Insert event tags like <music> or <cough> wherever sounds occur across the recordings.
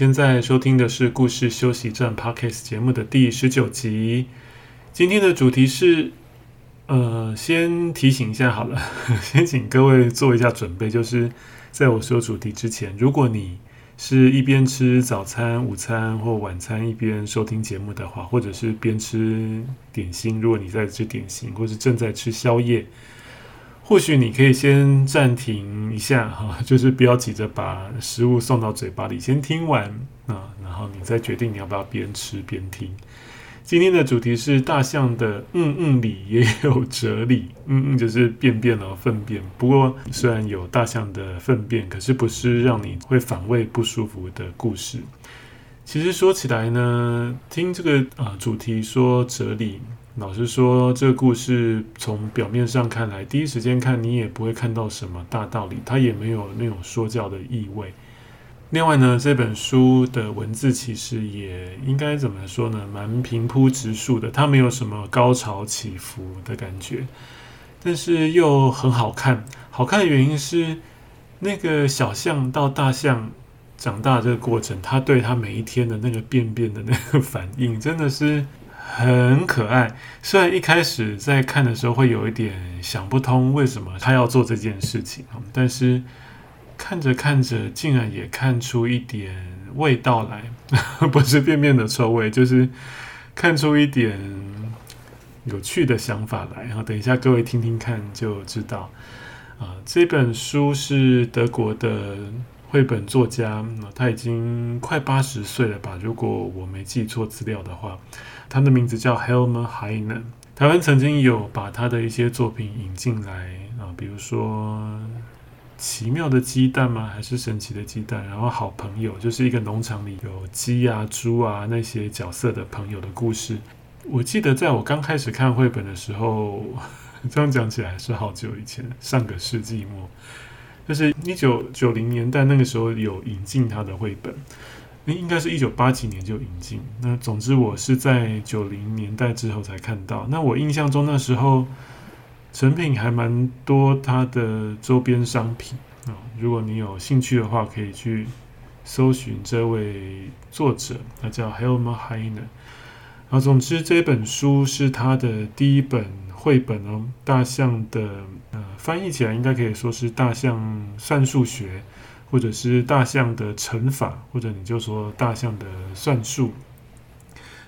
現在收聽的是《故事休息站》Podcast 節目的第十九集，今天的主題是，呃，先提醒一下好了，先請各位做一下準備，就是在我說主題之前，如果你是一邊吃早餐、午餐或晚餐一邊收聽節目的話，或者是邊吃點心，如果你在吃點心，或是正在吃宵夜。或許你可以先暫停一下，哈，就是不要急着把食物送到嘴巴裡，先聽完啊，然後你再決定你要不要邊吃邊聽。今天的主題是大象的嗯嗯裡也有哲理，嗯嗯就是便便哦、糞便。不過雖然有大象的糞便，可是不是讓你會反胃不舒服的故事。其實說起來呢，聽這個啊主題說哲理。老實說，這個故事從表面上看來，第一時間看，你也不會看到什麼大道理，它也沒有那種說教的意味。另外呢，這本書的文字其實也應該怎麼說呢？蠻平鋪直敘的，它沒有什麼高潮起伏的感覺，但是又很好看。好看的原因是，那個小象到大象長大的這個過程，它對它每一天的那個便便的那個反應，真的是。很可愛，雖然一開始在看的時候會有一點想不通，為什麼他要做這件事情，但是看着看着，竟然也看出一點味道來， <laughs> 不是便便的臭味，就是看出一點有趣的想法來。然後等一下各位聽聽看就知道。啊，這本書是德國的繪本作家，啊，他已經快八十歲了吧？如果我沒記錯資料的話。他的名字叫 Helme Heine。台灣曾經有把他的一些作品引進來啊，比如說《奇妙的雞蛋》嗎？還是《神奇的雞蛋》？然後好朋友就是一個農場裡有雞啊、豬啊那些角色的朋友的故事。我記得在我剛開始看繪本的時候，這樣講起來是好久以前，上個世紀末，就是一九九零年代那個時候有引進他的繪本。應該是一九八幾年就引進。那總之我是在九零年代之後才看到。那我印象中那時候，成品還蠻多，它的周邊商品啊、哦。如果你有興趣的話，可以去搜尋這位作者，他叫 Helma Heine。啊，總之這本書是他的第一本繪本哦，《大象的》呃，翻譯起來應該可以說是《大象算數學》。或者是大象的乘法，或者你就說大象的算術，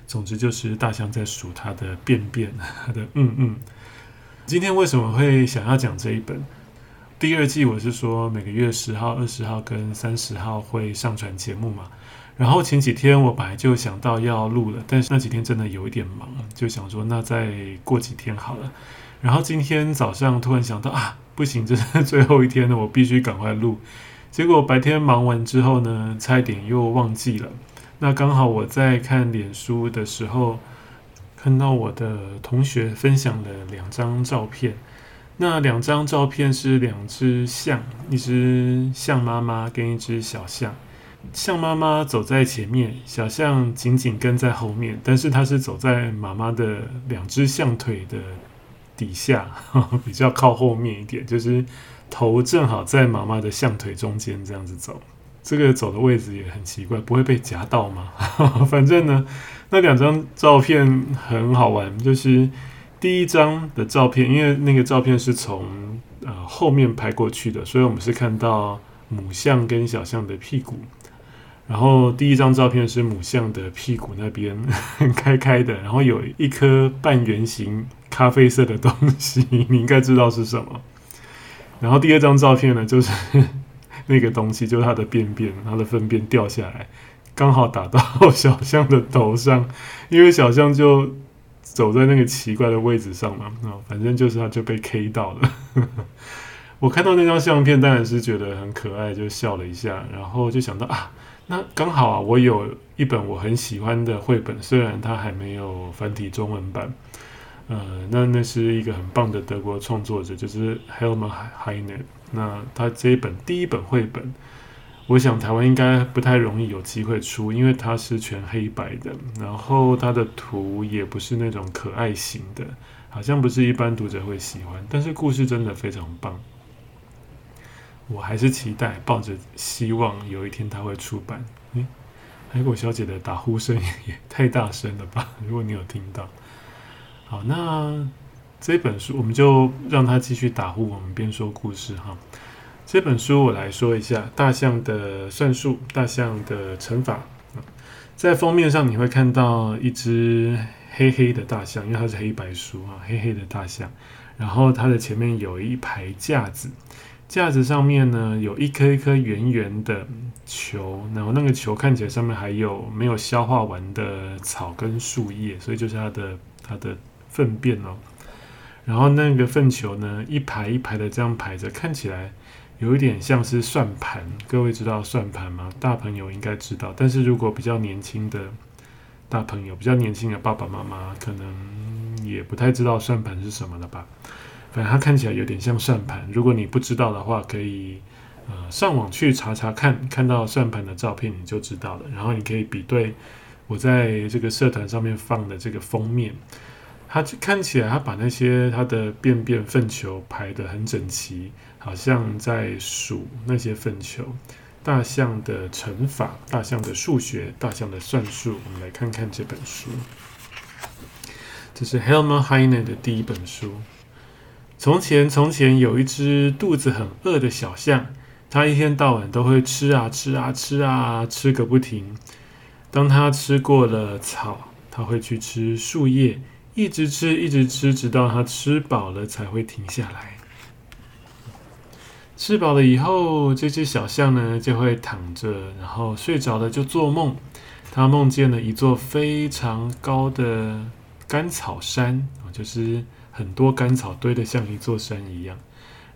總之就是大象在數它的便便，它的嗯嗯。今天為什麼會想要講這一本？第二季我是說每個月十號、二十號跟三十號會上傳節目嘛。然後前幾天我本來就想到要錄了，但是那幾天真的有一點忙，就想說那再過幾天好了。然後今天早上突然想到啊，不行，這是最後一天了，我必須趕快錄。結果白天忙完之後呢，差一點又忘記了。那剛好我在看臉書的時候，看到我的同學分享了兩張照片。那兩張照片是兩隻象，一隻象媽媽跟一隻小象。象媽媽走在前面，小象緊緊跟在後面，但是它是走在媽媽的兩隻象腿的底下，呵呵，比較靠後面一點，就是。頭正好在媽媽的象腿中間，這樣子走。這個走的位置也很奇怪，不會被夾到嗎？ <laughs> 反正呢，那兩張照片很好玩，就是第一張的照片，因為那個照片是從呃後面拍過去的，所以我們是看到母象跟小象的屁股。然後第一張照片是母象的屁股那邊很開開的，然後有一顆半圓形咖啡色的東西，你應該知道是什麼。然後第二張照片呢，就是那個東西，就是它的便便，它的糞便掉下來，剛好打到小象的頭上，因為小象就走在那個奇怪的位置上嘛，啊，反正就是它就被 K 到了。 <laughs> 我看到那張相片，當然是覺得很可愛，就笑了一下，然後就想到啊，那剛好啊，我有一本我很喜歡的繪本，雖然它還沒有繁體中文版。呃，那那是一個很棒的德國創作者，就是 Helmer Heine，那他這一本第一本繪本，我想台灣應該不太容易有機會出，因為它是全黑白的，然後它的圖也不是那種可愛型的，好像不是一般讀者會喜歡。但是故事真的非常棒，我還是期待，抱着希望有一天他會出版。哎、嗯，海狗小姐的打呼聲也太大聲了吧？如果你有聽到。好，那這本書我們就讓它繼續打呼，我們邊說故事哈。這本書我來說一下《大象的算術》，大象的乘法。在封面上你會看到一隻黑黑的大象，因為它是黑白書啊，黑黑的大象。然後它的前面有一排架子，架子上面呢，有一顆一顆圓圓的球，然後那個球看起來上面還有沒有消化完的草跟樹葉，所以就是它的它的。糞便哦，然後那個糞球呢，一排一排的這樣排着，看起來有一點像是算盤。各位知道算盤嗎？大朋友應該知道，但是如果比較年輕的大朋友，比較年輕的爸爸媽媽，可能也不太知道算盤是什麼了吧。反正它看起來有點像算盤。如果你不知道的話，可以呃上網去查查看，看到算盤的照片你就知道了。然後你可以比對我在這個社團上面放的這個封面。它就看起來，它把那些它的便便糞球排得很整齊，好像在數那些糞球。大象的乘法，大象的數學，大象的算術。我們來看看這本書。這是 Helme Heine 的第一本書。從前，從前有一隻肚子很餓的小象，它一天到晚都會吃啊吃啊吃啊吃個不停。當它吃過了草，它會去吃樹葉。一直吃，一直吃，直到它吃飽了才會停下來。吃飽了以後，這只小象呢就會躺着，然後睡着了就做夢。它夢見了一座非常高的甘草山啊，就是很多甘草堆得像一座山一樣。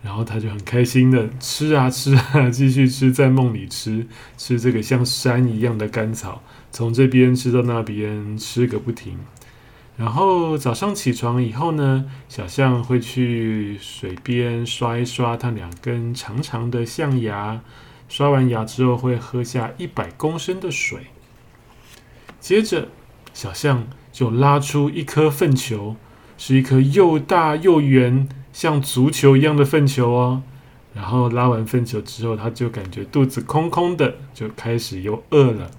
然後它就很開心的吃啊吃啊，繼續吃，在夢裡吃吃這個像山一樣的甘草，從這邊吃到那邊，吃個不停。然後早上起床以後呢，小象會去水邊刷一刷它兩根長長的象牙，刷完牙之後會喝下一百公升的水。接着，小象就拉出一顆糞球，是一顆又大又圓、像足球一樣的糞球哦。然後拉完糞球之後，它就感覺肚子空空的，就開始又餓了。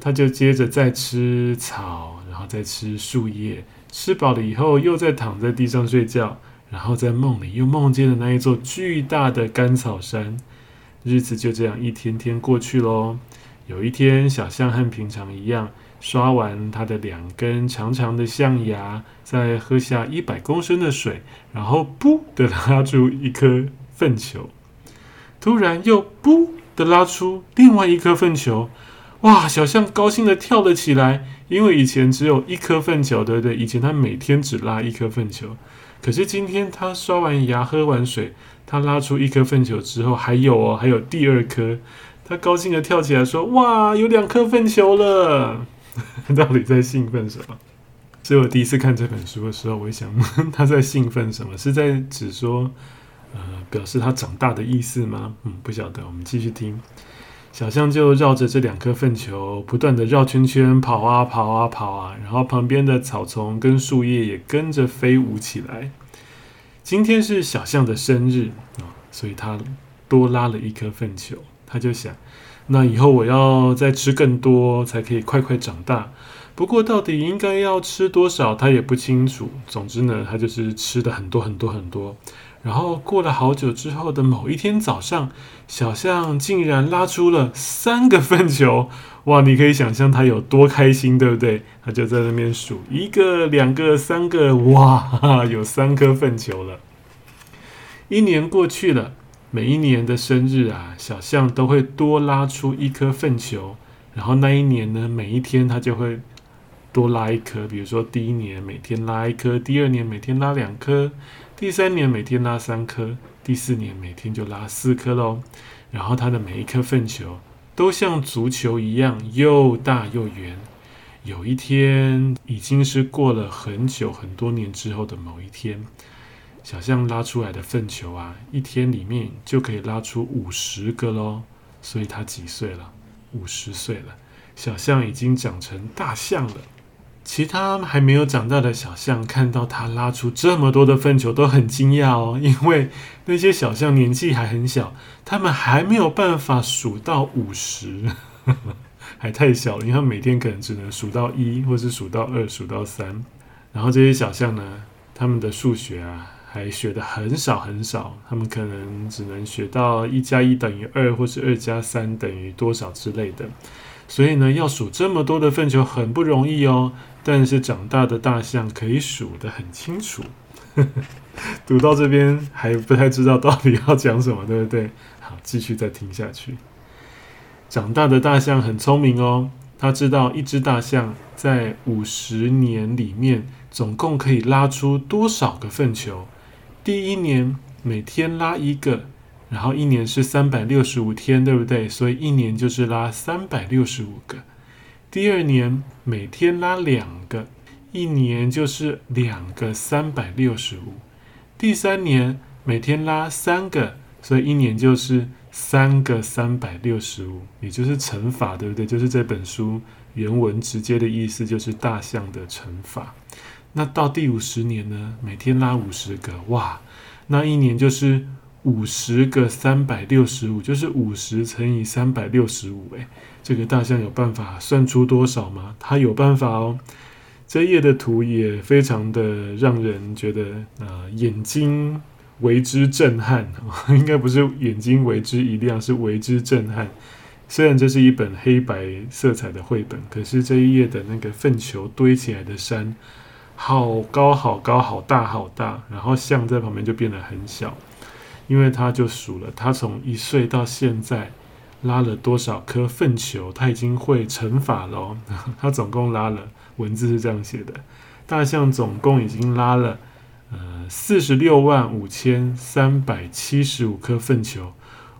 它就接着再吃草。然後再吃樹葉，吃飽了以後又在躺在地上睡覺，然後在夢裡又夢見了那一座巨大的乾草山。日子就這樣一天天過去嘍。有一天，小象和平常一樣，刷完它的兩根長長的象牙，再喝下一百公升的水，然後噗地拉出一顆糞球，突然又噗地拉出另外一顆糞球。哇！小象高興地跳了起來，因為以前只有一顆糞球，對不對，以前它每天只拉一顆糞球，可是今天它刷完牙、喝完水，它拉出一顆糞球之後，還有哦，還有第二顆，它高興地跳起來說：“哇，有兩顆糞球了！” <laughs> 到底在興奮什麼？所以我第一次看這本書的時候，我想，呵呵，他在興奮什麼？是在指說，呃，表示他長大的意思嗎？嗯，不曉得，我們繼續聽。小象就繞着這兩顆糞球不斷地繞圈圈跑啊跑啊跑啊，然後旁邊的草叢跟樹葉也跟着飛舞起來。今天是小象的生日啊、嗯，所以他多拉了一顆糞球。他就想，那以後我要再吃更多，才可以快快長大。不過到底應該要吃多少，他也不清楚。總之呢，他就是吃的很多很多很多。然後過了好久之後的某一天早上，小象竟然拉出了三個糞球！哇，你可以想象它有多開心，對不對？它就在那邊數，一個、兩個、三個，哇哈哈，有三顆糞球了。一年過去了，每一年的生日啊，小象都會多拉出一顆糞球。然後那一年呢，每一天它就會多拉一顆。比如說第一年每天拉一顆，第二年每天拉兩顆。第三年每天拉三顆，第四年每天就拉四顆咯，然後它的每一顆糞球都像足球一樣又大又圓。有一天，已經是過了很久很多年之後的某一天，小象拉出來的糞球啊，一天裡面就可以拉出五十個咯，所以它幾歲了？五十歲了。小象已經長成大象了。其他還沒有長大的小象看到它拉出這麼多的糞球，都很驚訝哦。因為那些小象年紀還很小，他們還沒有辦法數到五十，呵呵，還太小了。因為他們每天可能只能數到一，或是數到二、數到三。然後這些小象呢，他們的數學啊，還學得很少很少。他們可能只能學到一加一等於二，或是二加三等於多少之類的。所以呢，要數這麼多的糞球很不容易哦。但是長大的大象可以數得很清楚。 <laughs> 讀到這邊還不太知道到底要講什麼，對不對？好，繼續再聽下去。長大的大象很聰明哦，它知道一隻大象在五十年裡面總共可以拉出多少個糞球。第一年每天拉一個。然後一年是三百六十五天，對不對？所以一年就是拉三百六十五個。第二年每天拉兩個，一年就是兩個三百六十五。第三年每天拉三個，所以一年就是三個三百六十五，也就是乘法，對不對？就是這本書原文直接的意思就是大象的乘法。那到第五十年呢？每天拉五十個，哇，那一年就是。五十個三百六十五，就是五十乘以三百六十五。哎，這個大象有辦法算出多少嗎？它有辦法哦。這一頁的圖也非常的讓人覺得啊、呃，眼睛為之震撼。哦，應該不是眼睛為之一亮，是為之震撼。雖然這是一本黑白色彩的繪本，可是這一頁的那個糞球堆起來的山，好高好高，好大好大，然後象在旁邊就變得很小。因為他就數了，他從一歲到現在，拉了多少顆糞球？他已經會乘法嘍。 <laughs> 他總共拉了，文字是這樣寫的：大象總共已經拉了，呃，四十六萬五千三百七十五顆糞球。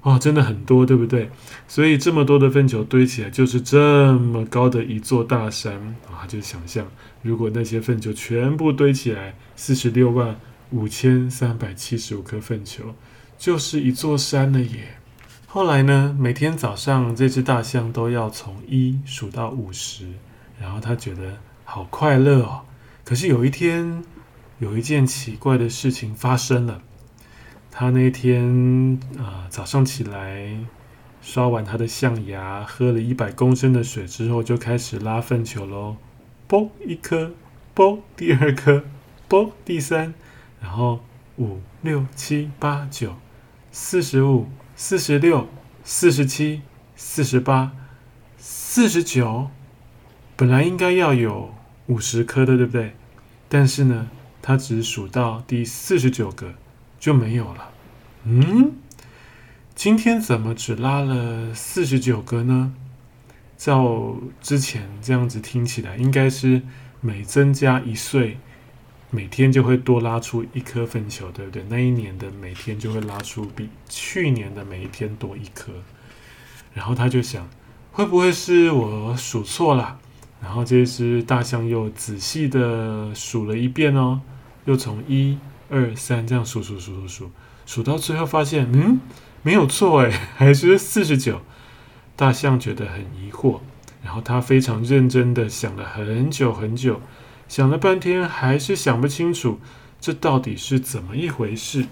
哦，真的很多，對不對？所以這麼多的糞球堆起來，就是這麼高的一座大山啊。哦！就想象，如果那些糞球全部堆起來，四十六萬五千三百七十五顆糞球。就是一座山了耶。後來呢，每天早上這隻大象都要從一數到五十，然後他覺得好快樂哦。可是有一天，有一件奇怪的事情發生了。他那天啊、呃，早上起來刷完他的象牙，喝了一百公升的水之後，就開始拉糞球嘍。啵，一顆，啵，第二顆，啵，第三，然後五六七八九。四十五、四十六、四十七、四十八、四十九，本來應該要有五十顆的，對不對？但是呢，它只數到第四十九個就沒有了。嗯，今天怎麼只拉了四十九個呢？照之前這樣子聽起來，應該是每增加一歲。每天就會多拉出一顆糞球，對不對？那一年的每天就會拉出比去年的每一天多一顆。然後他就想，會不會是我數錯了？然後這一隻大象又仔細的數了一遍哦，又從一二三這樣數數數數數，數到最後發現，嗯，沒有錯哎，還是四十九。大象覺得很疑惑，然後他非常認真的想了很久很久。想了半天，還是想不清楚這到底是怎麼一回事。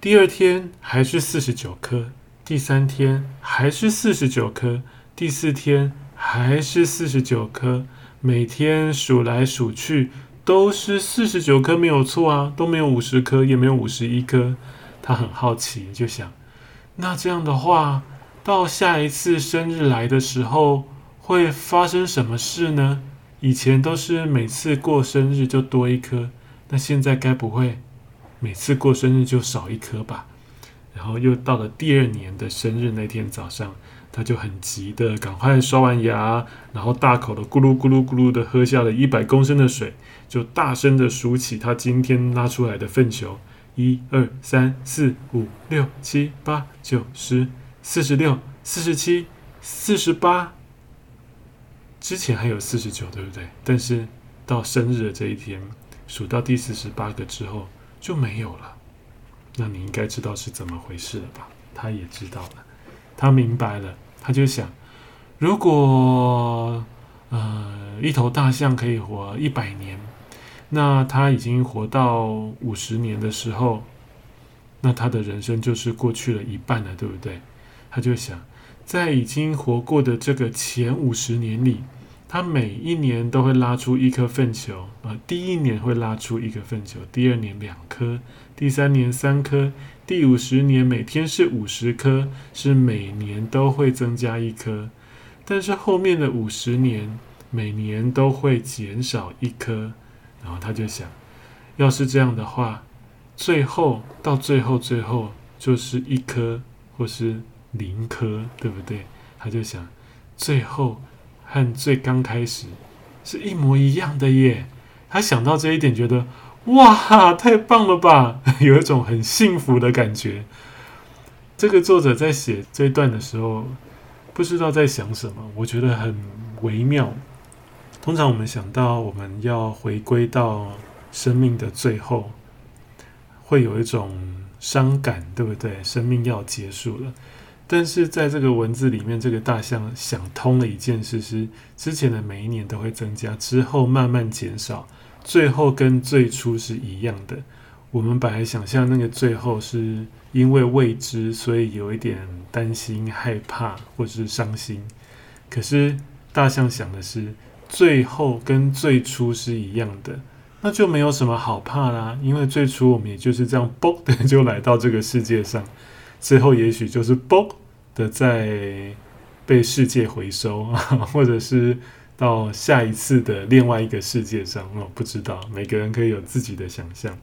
第二天還是四十九顆，第三天還是四十九顆，第四天還是四十九顆。每天數來數去都是四十九顆，沒有錯啊，都沒有五十顆，也沒有五十一顆。他很好奇，就想：那這樣的話，到下一次生日來的時候，會發生什麼事呢？以前都是每次過生日就多一顆，那現在該不會每次過生日就少一顆吧？然後又到了第二年的生日那天早上，他就很急的趕快刷完牙，然後大口的咕嚕咕嚕咕嚕的喝下了一百公升的水，就大聲的數起他今天拉出來的糞球：一二三四五六七八九十，四十六、四十七、四十八。之前還有四十九，對不對？但是到生日的這一天，數到第四十八個之後就沒有了。那你應該知道是怎麼回事了吧？他也知道了，他明白了，他就想：如果呃一頭大象可以活一百年，那他已經活到五十年的時候，那他的人生就是過去了一半了，對不對？他就想，在已經活過的這個前五十年裡。他每一年都會拉出一顆糞球啊、呃，第一年會拉出一個糞球，第二年兩顆，第三年三顆，第五十年每天是五十顆，是每年都會增加一顆，但是後面的五十年每年都會減少一顆。然後他就想，要是這樣的話，最後到最後最後就是一顆或是零顆，對不對？他就想最後。和最剛開始是一模一樣的耶！他想到這一點，覺得哇，太棒了吧！有一種很幸福的感覺。這個作者在寫這一段的時候，不知道在想什麼，我覺得很微妙。通常我們想到我們要回歸到生命的最後，會有一種傷感，對不對？生命要結束了。但是在這個文字裡面，這個大象想通了一件事是：是之前的每一年都會增加，之後慢慢減少，最後跟最初是一樣的。我們本來想象那個最後是因為未知，所以有一點擔心、害怕或是傷心。可是大象想的是，最後跟最初是一樣的，那就沒有什麼好怕啦。因為最初我們也就是這樣“嘣”的就來到這個世界上。最後也許就是“啵”的在被世界回收，或者是到下一次的另外一個世界上哦，不知道每個人可以有自己的想象。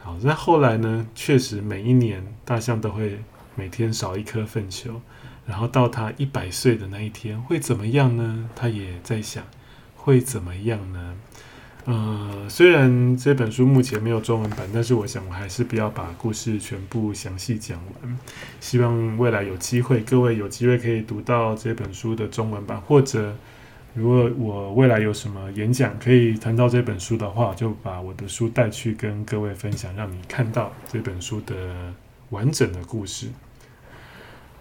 好，那後來呢？確實每一年大象都會每天少一顆糞球，然後到它一百歲的那一天會怎麼樣呢？它也在想會怎麼樣呢？呃、嗯，雖然這本書目前沒有中文版，但是我想我還是不要把故事全部詳細講完。希望未來有機會，各位有機會可以讀到這本書的中文版，或者如果我未來有什麼演講可以談到這本書的話，就把我的書帶去跟各位分享，讓你看到這本書的完整的故事。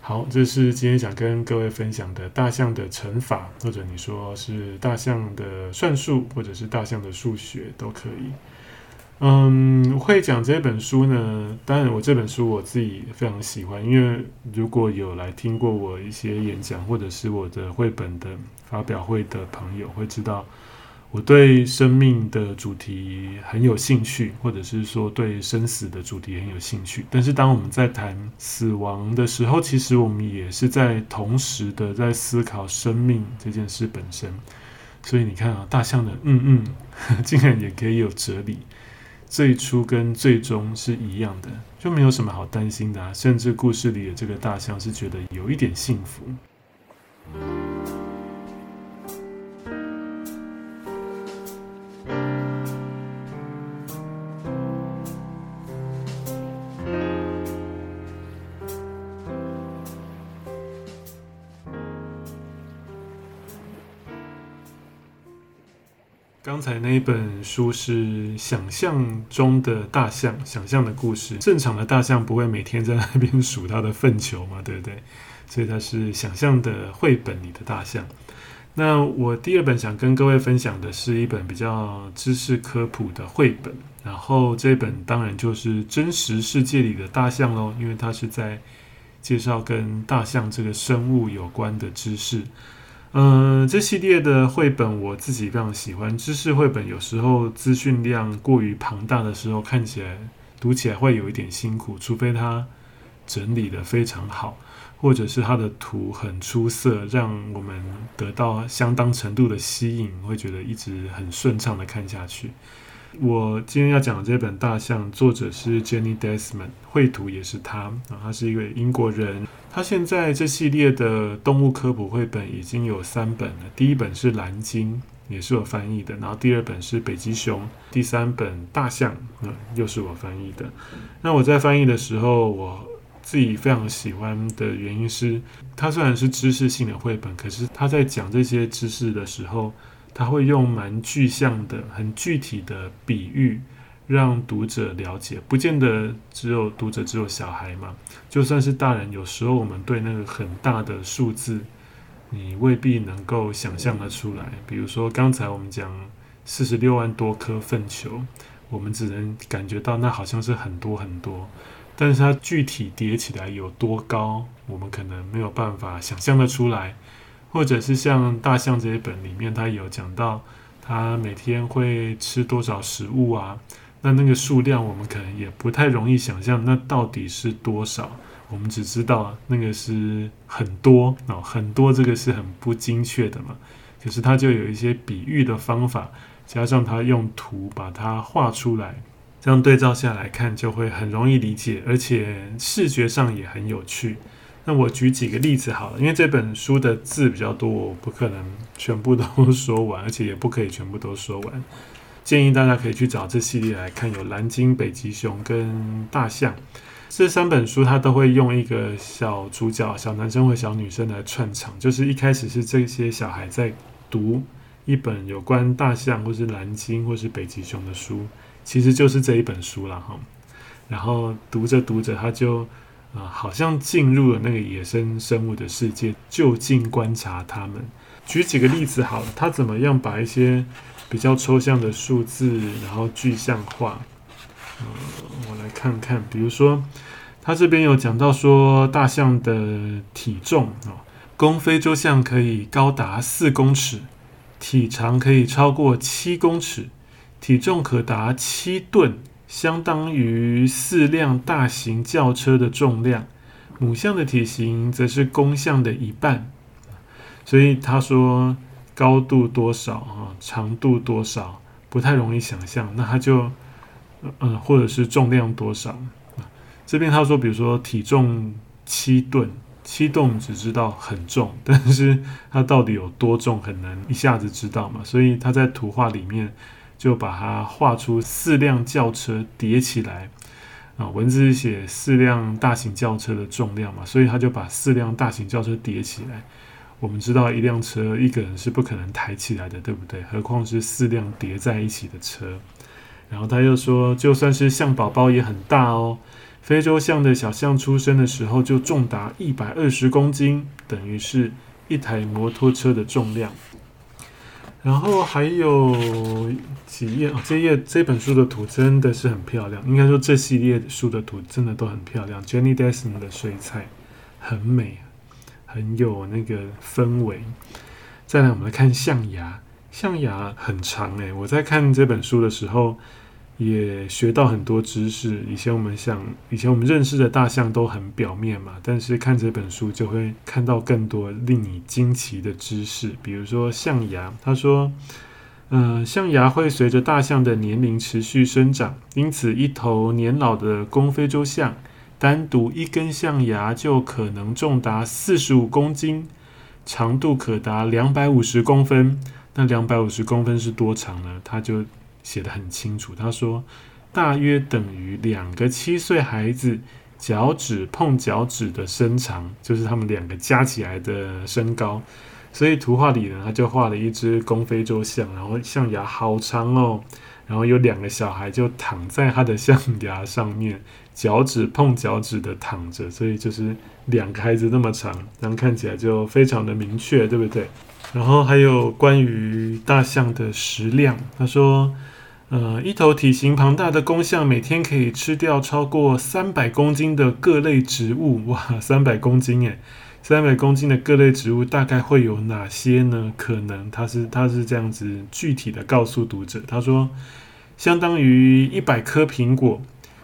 好，這是今天想跟各位分享的《大象的乘法》，或者你說是大象的算術，或者是大象的數學都可以。嗯，會講這本書呢，當然我這本書我自己非常喜歡，因為如果有來聽過我一些演講，或者是我的繪本的發表會的朋友，會知道。我對生命的主題很有興趣，或者是說對生死的主題很有興趣。但是當我們在談死亡的時候，其實我們也是在同時的在思考生命這件事本身。所以你看啊，大象的嗯嗯，呵，竟然也可以有哲理，最初跟最終是一樣的，就沒有什麼好擔心的啊。甚至故事裡的這個大象是覺得有一點幸福。剛才那一本書是想象中的大象，想象的故事。正常的大象不會每天在那邊數它的糞球嘛，對不對？所以它是想象的繪本裡的大象。那我第二本想跟各位分享的是一本比較知識科普的繪本，然後這本當然就是真實世界裡的大象嘍，因為它是在介紹跟大象這個生物有關的知識。嗯、呃，這系列的繪本我自己非常喜歡。知識繪本有時候資訊量過於龐大的時候，看起來讀起來會有一點辛苦，除非它整理得非常好，或者是它的圖很出色，讓我們得到相當程度的吸引，會覺得一直很順暢的看下去。我今天要講的這本《大象》，作者是 Jenny Desmond，繪圖也是他，啊、呃，他是一位英國人。他現在這系列的動物科普繪本已經有三本了，第一本是藍鯨，也是我翻譯的；然後第二本是北極熊，第三本大象，嗯，又是我翻譯的。那我在翻譯的時候，我自己非常喜歡的原因是，它雖然是知識性的繪本，可是他在講這些知識的時候，他會用蠻具象的、很具體的比喻。讓讀者了解，不見得只有讀者只有小孩嘛，就算是大人，有時候我們對那個很大的數字，你未必能夠想象得出來。比如說剛才我們講四十六萬多顆糞球，我們只能感覺到那好像是很多很多，但是它具體疊起來有多高，我們可能沒有辦法想象得出來。或者是像大象這一本裡面，他有講到，他每天會吃多少食物啊？那那個數量，我們可能也不太容易想象，那到底是多少？我們只知道那個是很多啊、哦，很多，這個是很不精確的嘛。可、就是它就有一些比喻的方法，加上它用圖把它畫出來，這樣對照下來看就會很容易理解，而且視覺上也很有趣。那我舉幾個例子好了，因為這本書的字比較多，我不可能全部都說完，而且也不可以全部都說完。建議大家可以去找這系列來看，有藍鯨、北極熊跟大象這三本書，他都會用一個小主角，小男生或小女生來串場。就是一開始是這些小孩在讀一本有關大象，或是藍鯨，或是北極熊的書，其實就是這一本書了哈。然後讀着讀着它，他就啊，好像進入了那個野生生物的世界，就近觀察他們。舉幾個例子好了，好，他怎麼樣把一些。比較抽象的數字，然後具象化。嗯，我來看看，比如說，他這邊有講到說，大象的體重啊、哦，公非洲象可以高達四公尺，體長可以超過七公尺，體重可達七噸，相當於四輛大型轎車的重量。母象的體型則是公象的一半，所以他說。高度多少啊？長度多少？不太容易想象。那他就，嗯、呃，或者是重量多少？這邊他說，比如說體重七噸，七噸只知道很重，但是它到底有多重很難一下子知道嘛。所以他在圖畫裡面就把它畫出四輛轎車疊起來啊。文字寫四輛大型轎車的重量嘛，所以他就把四輛大型轎車疊起來。我們知道一輛車一個人是不可能抬起來的，對不對？何況是四輛疊在一起的車。然後他又說，就算是象寶寶也很大哦。非洲象的小象出生的時候就重達一百二十公斤，等於是一台摩托車的重量。然後還有幾頁，哦，這頁這本書的圖真的是很漂亮。應該說這系列書的圖真的都很漂亮，Jenny Desmond 的水彩很美。很有那個氛圍。再來，我們來看象牙。象牙很長誒，我在看這本書的時候也學到很多知識。以前我們想，以前我們認識的大象都很表面嘛，但是看這本書就會看到更多令你驚奇的知識，比如說象牙。他說，嗯，象牙會隨着大象的年齡持續生長，因此一頭年老的公非洲象。單獨一根象牙就可能重達四十五公斤，長度可達兩百五十公分。那兩百五十公分是多長呢？他就寫得很清楚，他說大約等於兩個七歲孩子腳趾碰腳趾的身長，就是他們兩個加起來的身高。所以圖畫裡呢，他就畫了一隻公非洲象，然後象牙好長哦。然後有兩個小孩就躺在他的象牙上面，腳趾碰腳趾的躺着，所以就是兩個孩子那麼長，這樣看起來就非常的明確，對不對？然後還有關於大象的食量，他說，呃，一頭體型龐大的公象每天可以吃掉超過三百公斤的各類植物，哇，三百公斤耶！三百公斤的各類植物大概會有哪些呢？可能他是他是這樣子具體的告訴讀者，他說，相當於一百顆蘋果、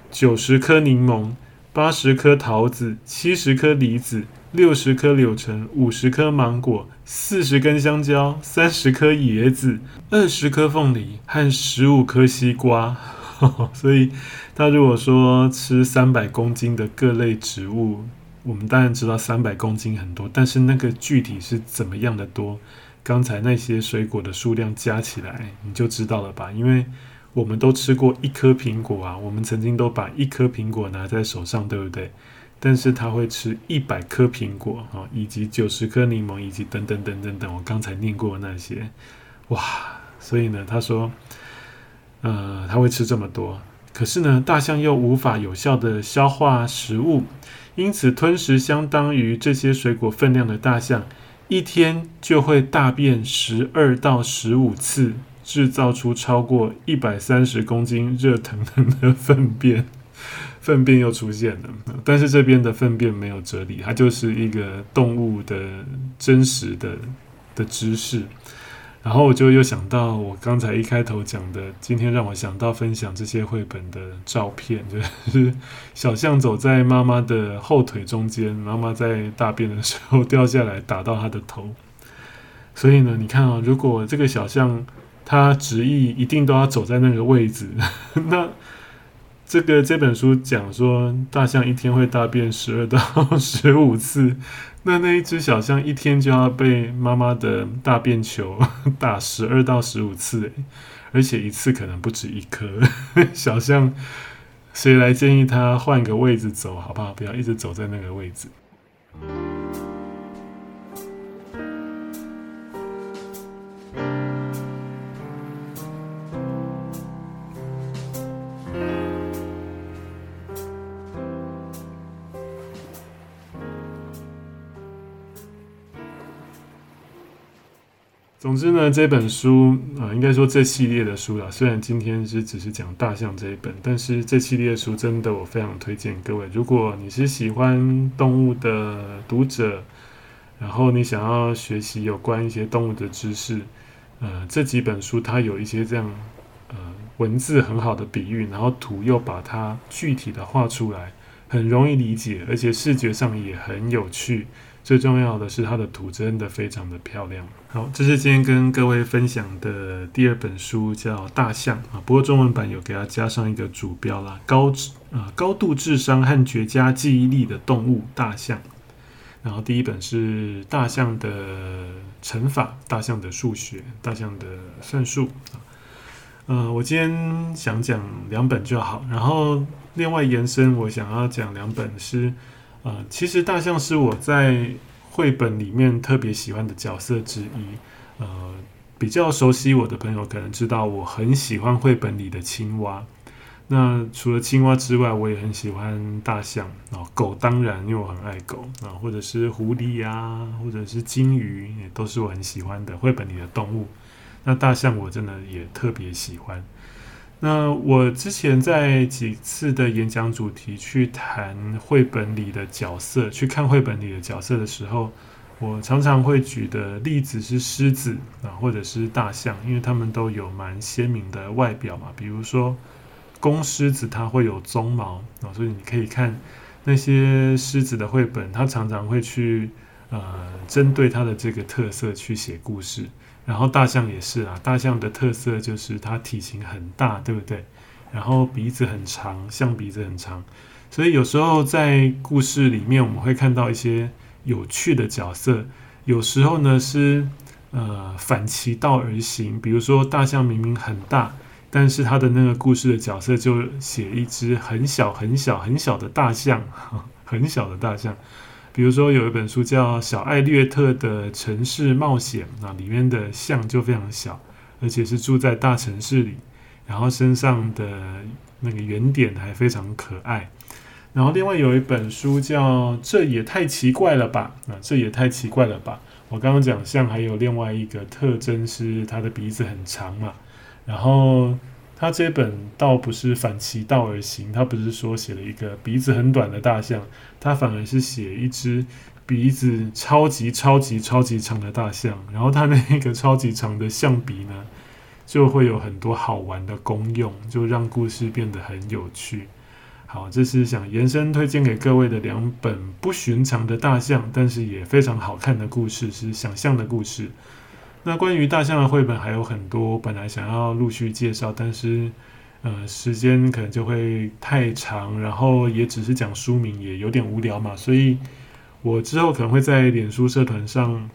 九十顆檸檬、八十顆桃子、七十顆梨子、六十顆柳橙、五十顆芒果、四十根香蕉、三十顆椰子、二十顆鳳梨和十五顆西瓜呵呵。所以他如果說吃三百公斤的各類植物。我們當然知道三百公斤很多，但是那個具體是怎麼樣的多？剛才那些水果的數量加起來，你就知道了吧？因為我們都吃過一顆蘋果啊，我們曾經都把一顆蘋果拿在手上，對不對？但是他會吃一百顆蘋果啊、哦，以及九十顆檸檬，以及等等等等等等。我剛才念過的那些，哇！所以呢，他說，嗯、呃，他會吃這麼多，可是呢，大象又無法有效的消化食物。因此，吞食相當於這些水果分量的大象，一天就會大便十二到十五次，製造出超過一百三十公斤熱騰騰的糞便。糞便又出現了，但是這邊的糞便沒有哲理，它就是一個動物的真實的的知識。然後我就又想到我剛才一開頭講的，今天讓我想到分享這些繪本的照片，就是小象走在媽媽的後腿中間，媽媽在大便的時候掉下來打到它的頭。所以呢，你看啊、哦，如果這個小象它執意一定都要走在那個位置，那這個這本書講說大象一天會大便十二到十五次。那那一隻小象一天就要被媽媽的大便球打十二到十五次，欸，而且一次可能不止一顆。小象，誰來建議他換個位置走？好不好？不要一直走在那個位置。可是呢，這本書啊、呃，應該說這系列的書啊，雖然今天是只是講大象這一本，但是這系列書真的我非常推薦各位。如果你是喜歡動物的讀者，然後你想要學習有關一些動物的知識，呃，這幾本書它有一些這樣呃文字很好的比喻，然後圖又把它具體的畫出來，很容易理解，而且視覺上也很有趣。最重要的是，它的圖真的非常的漂亮。好，這是今天跟各位分享的第二本書，叫《大象》啊。不過中文版有給它加上一個主標啦，高智啊、呃，高度智商和絕佳記憶力的動物——大象。然後第一本是《大象的乘法》，大象的數學，大象的算術啊。嗯，我今天想講兩本就好。然後另外延伸，我想要講兩本是。呃，其實大象是我在繪本裡面特別喜歡的角色之一。呃，比較熟悉我的朋友可能知道，我很喜歡繪本裡的青蛙。那除了青蛙之外，我也很喜歡大象啊，狗當然，因為我很愛狗啊，或者是狐狸啊，或者是金魚，也都是我很喜歡的繪本裡的動物。那大象我真的也特別喜歡。那我之前在幾次的演講主題去談繪本裡的角色，去看繪本裡的角色的時候，我常常會舉的例子是獅子啊，或者是大象，因為它們都有蠻鮮明的外表嘛。比如說公獅子，它會有鬃毛啊，所以你可以看那些獅子的繪本，它常常會去呃針對它的這個特色去寫故事。然後大象也是啊，大象的特色就是它體型很大，對不對？然後鼻子很長，象鼻子很長。所以有時候在故事裡面，我們會看到一些有趣的角色。有時候呢是呃反其道而行，比如說大象明明很大，但是它的那個故事的角色就寫一隻很小很小很小的大象，呵呵很小的大象。比如說有一本書叫《小艾略特的城市冒險》，啊，裡面的象就非常小，而且是住在大城市裡，然後身上的那個圓點還非常可愛。然後另外有一本書叫《這也太奇怪了吧》，啊，這也太奇怪了吧。我剛剛講象還有另外一個特徵是它的鼻子很長嘛，啊，然後。他這本倒不是反其道而行，他不是說寫了一個鼻子很短的大象，他反而是寫一只鼻子超級超級超級長的大象，然後他那個超級長的象鼻呢，就會有很多好玩的功用，就讓故事變得很有趣。好，這是想延伸推薦給各位的兩本不尋常的大象，但是也非常好看的故事，是想象的故事。那關於大象的繪本還有很多，本來想要陸續介紹，但是，呃，時間可能就會太長，然後也只是講書名，也有點無聊嘛，所以，我之後可能會在臉書社團上，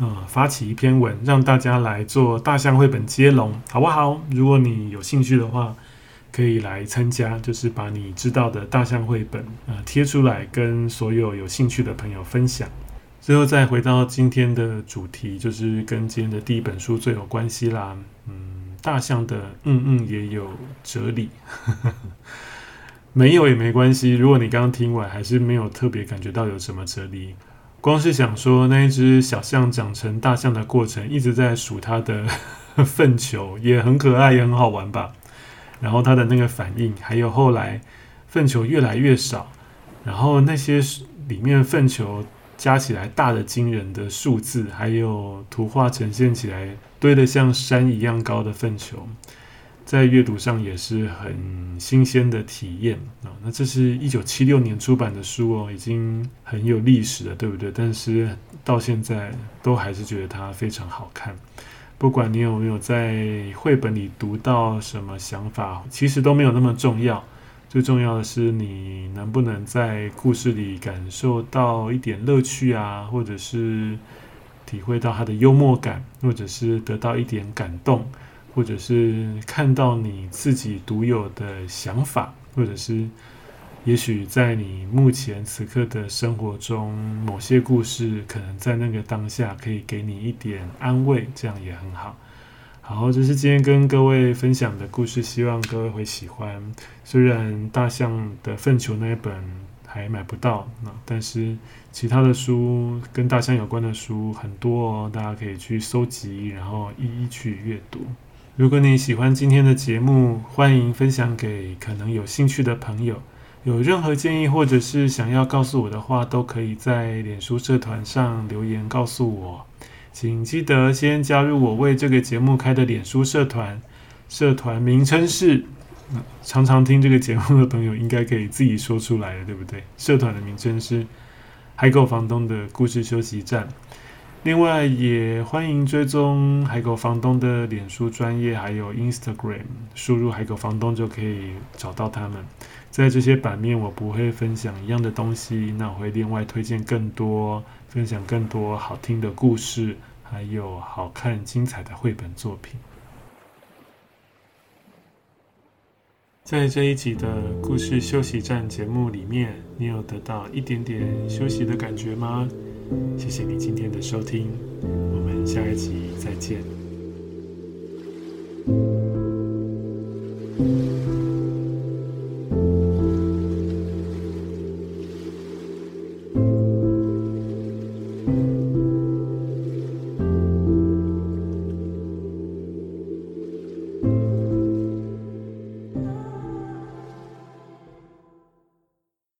啊，發起一篇文，讓大家來做大象繪本接龍，好不好？如果你有興趣的話，可以來參加，就是把你知道的大象繪本啊貼出來，跟所有有興趣的朋友分享。最後再回到今天的主題，就是跟今天的第一本書最有關係啦。嗯，大象的嗯嗯也有哲理， <laughs> 沒有也沒關係。如果你剛剛聽完還是沒有特別感覺到有什麼哲理，光是想說那一隻小象長成大象的過程，一直在數它的糞球，也很可愛，也很好玩吧。然後它的那個反應，還有後來糞球越來越少，然後那些裡面糞球。加起來大的驚人的數字，還有圖畫呈現起來堆得像山一樣高的糞球，在閱讀上也是很新鮮的體驗啊！哦，那這是一九七六年出版的書哦，已經很有歷史了，對不對？但是到現在都還是覺得它非常好看，不管你有沒有在繪本裡讀到什麼想法，其實都沒有那麼重要。最重要的是，你能不能在故事裡感受到一點樂趣啊，或者是體會到他的幽默感，或者是得到一點感動，或者是看到你自己獨有的想法，或者是也許在你目前此刻的生活中，某些故事可能在那個當下可以給你一點安慰，這樣也很好。好，這是今天跟各位分享的故事，希望各位會喜歡。雖然大象的糞球那一本還買不到，但是其他的書跟大象有關的書很多哦，大家可以去蒐集，然後一一去閱讀。如果你喜歡今天的節目，歡迎分享給可能有興趣的朋友。有任何建議或者是想要告訴我的話，都可以在臉書社團上留言告訴我。請記得先加入我為這個節目開的臉書社團，社團名稱是，常常聽這個節目的朋友應該可以自己說出來的，對不對？社團的名稱是海狗房東的故事休息站。另外也歡迎追蹤海狗房東的臉書專頁，還有 Instagram，輸入海狗房東就可以找到他們。在這些版面，我不會分享一樣的東西，那我會另外推薦更多。分享更多好聽的故事，還有好看精彩的繪本作品。在這一集的故事休息站節目裡面，你有得到一點點休息的感覺嗎？謝謝你今天的收聽，我們下一集再見。